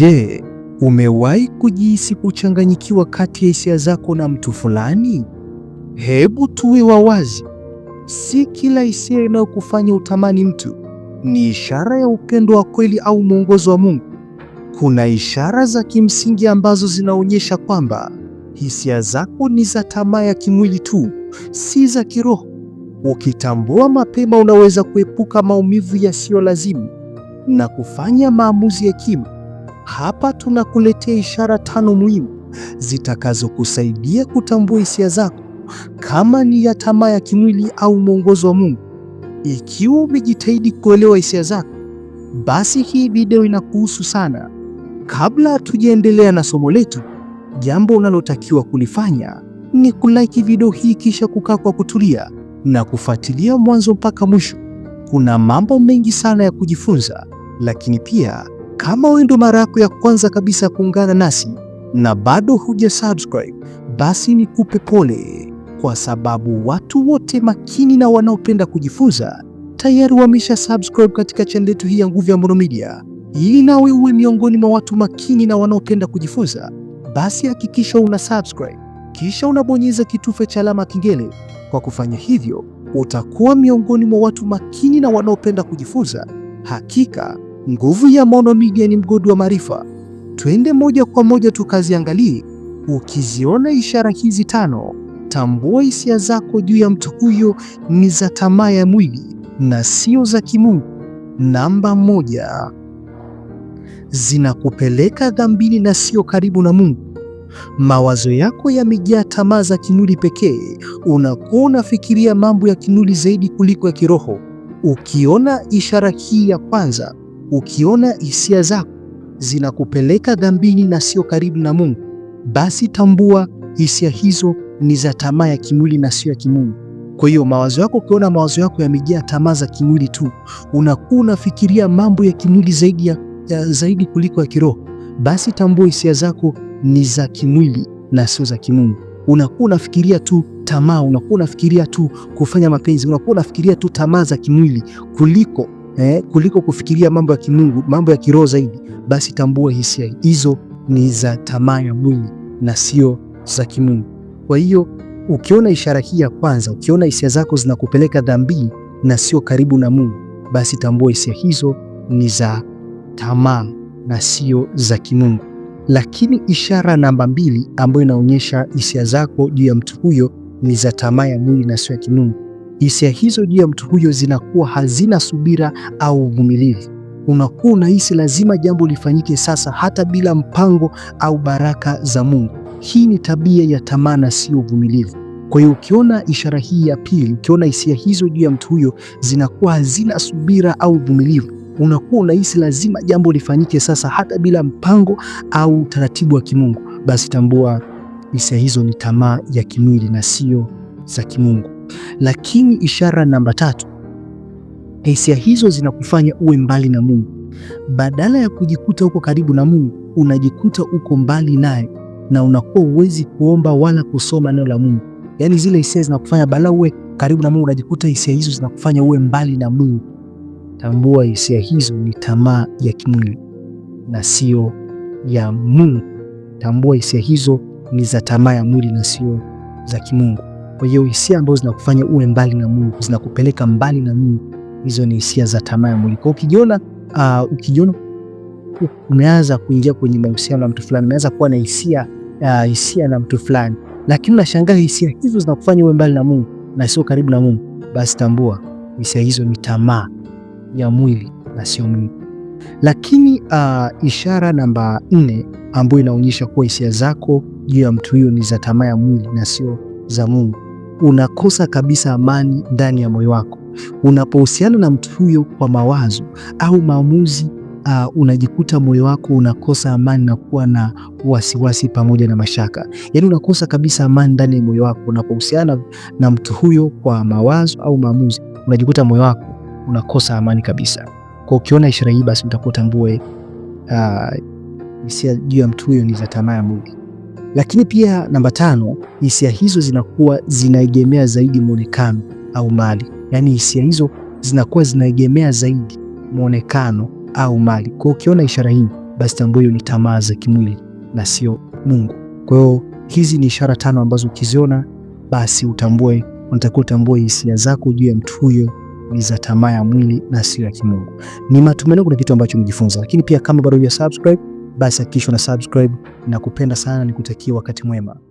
Je, umewahi kujihisi kuchanganyikiwa kati ya hisia zako na mtu fulani? Hebu tuwe wawazi, si kila hisia inayokufanya utamani mtu ni ishara ya upendo wa kweli au mwongozo wa Mungu. Kuna ishara za kimsingi ambazo zinaonyesha kwamba hisia zako ni za tamaa ya kimwili tu, si za kiroho. Ukitambua mapema, unaweza kuepuka maumivu yasiyo lazima na kufanya maamuzi ya hekima. Hapa tunakuletea ishara tano muhimu zitakazokusaidia kutambua hisia zako, kama ni ya tamaa ya kimwili au mwongozo wa Mungu. Ikiwa umejitahidi kuelewa hisia zako, basi hii video inakuhusu sana. Kabla tujaendelea na somo letu, jambo unalotakiwa kulifanya ni kulike video hii, kisha kukaa kwa kutulia na kufuatilia mwanzo mpaka mwisho. Kuna mambo mengi sana ya kujifunza, lakini pia kama wewe ndo mara yako ya kwanza kabisa kuungana nasi na bado huja subscribe, basi nikupe pole, kwa sababu watu wote makini na wanaopenda kujifunza tayari wamesha subscribe katika channel yetu hii ya Nguvu ya Maono Media. Ili nawe uwe miongoni mwa watu makini na wanaopenda kujifunza, basi hakikisha una subscribe kisha unabonyeza kitufe cha alama kengele. Kwa kufanya hivyo, utakuwa miongoni mwa watu makini na wanaopenda kujifunza. Hakika Nguvu ya monomidia ni mgodi wa maarifa. Twende moja kwa moja tukaziangalie. Ukiziona ishara hizi tano, tambua hisia zako juu ya mtu huyo ni za tamaa ya mwili na sio za kimungu. Namba moja, zinakupeleka dhambini na sio karibu na Mungu. Mawazo yako yamejaa tamaa za kimwili pekee. Unakuwa unafikiria mambo ya kimwili zaidi kuliko ya kiroho. Ukiona ishara hii ya kwanza, Ukiona hisia zako zinakupeleka dhambini na sio karibu na Mungu, basi tambua hisia hizo ni za tamaa ya kimwili na sio ya kimungu. Kwa hiyo mawazo yako, ukiona mawazo yako yamejaa tamaa za kimwili tu, unakuwa unafikiria mambo ya kimwili zaidi, ya, ya, zaidi kuliko ya kiroho, basi tambua hisia zako ni za kimwili na sio za kimungu. Unakuwa unafikiria tu tamaa, unakuwa unafikiria tu kufanya mapenzi, unakuwa unafikiria tu tamaa za kimwili kuliko eh, kuliko kufikiria mambo ya kimungu, mambo ya kiroho zaidi, basi tambua hisia hizo ni za tamaa ya mwili na sio za kimungu. Kwa hiyo ukiona ishara hii ya kwanza, ukiona hisia zako zinakupeleka dhambi na sio karibu na Mungu, basi tambua hisia hizo ni za tamaa na sio za kimungu. Lakini ishara namba mbili ambayo inaonyesha hisia zako juu ya mtu huyo ni za tamaa ya mwili na sio ya kimungu hisia hizo juu ya mtu huyo zinakuwa hazina subira au uvumilivu. Unakuwa unahisi lazima jambo lifanyike sasa, hata bila mpango au baraka za Mungu. Hii ni tabia ya tamaa na sio uvumilivu. Kwa hiyo ukiona ishara hii ya pili, ukiona hisia hizo juu ya mtu huyo zinakuwa hazina subira au uvumilivu, unakuwa unahisi lazima jambo lifanyike sasa, hata bila mpango au taratibu wa kimungu, basi tambua hisia hizo ni tamaa ya kimwili na sio za kimungu. Lakini ishara namba tatu, hisia hizo zinakufanya uwe mbali na Mungu. Badala ya kujikuta uko karibu na Mungu, unajikuta uko mbali naye na unakuwa uwezi kuomba wala kusoma neno la Mungu. Yaani zile hisia zinakufanya badala uwe karibu na Mungu, unajikuta hisia hizo zinakufanya uwe mbali na Mungu. Tambua hisia hizo ni tamaa ya kimwili na sio ya Mungu. Tambua hisia hizo ni za tamaa ya mwili na sio za kimungu. Kwa hiyo hisia ambazo zinakufanya uwe mbali na Mungu, zinakupeleka mbali na Mungu, hizo ni hisia za tamaa ya mwili. Kwa ukijiona uh, ukijiona umeanza kuingia kwenye mahusiano na mtu fulani, umeanza kuwa na hisia uh, hisia na mtu fulani, lakini unashangaa hisia hizo zinakufanya uwe mbali na Mungu na sio karibu na Mungu, basi tambua hisia hizo ni tamaa ya mwili na sio Mungu. Lakini uh, ishara namba nne ambayo inaonyesha kuwa hisia zako juu ya mtu huyo ni za tamaa ya mwili na sio za Mungu unakosa kabisa amani ndani ya moyo wako. Unapohusiana na mtu huyo kwa mawazo au maamuzi Uh, unajikuta moyo wako unakosa amani na kuwa na wasiwasi pamoja na mashaka. Yaani unakosa kabisa amani ndani ya moyo wako unapohusiana na mtu huyo kwa mawazo au maamuzi, unajikuta moyo wako unakosa amani kabisa. Kwa ukiona ishara hii, basi utakuwa utambue ah, hisia uh, juu ya mtu huyo ni za tamaa ya mwili. Lakini pia namba tano, hisia hizo zinakuwa zinaegemea zaidi mwonekano au mali, yaani hisia hizo zinakuwa zinaegemea zaidi mwonekano au mali. Kwa ukiona ishara hii, basi tambua hiyo ni tamaa za kimwili na sio Mungu. Kwa hiyo hizi ni ishara tano ambazo ukiziona, basi utambue, unatakiwa utambue hisia zako juu ya mtu huyo ni za tamaa ya mwili na sio ya kimungu. Ni matumaini kuna kitu ambacho umejifunza, lakini pia kama bado hujasubscribe basi hakikisha una subscribe na kupenda sana, nikutakie wakati mwema.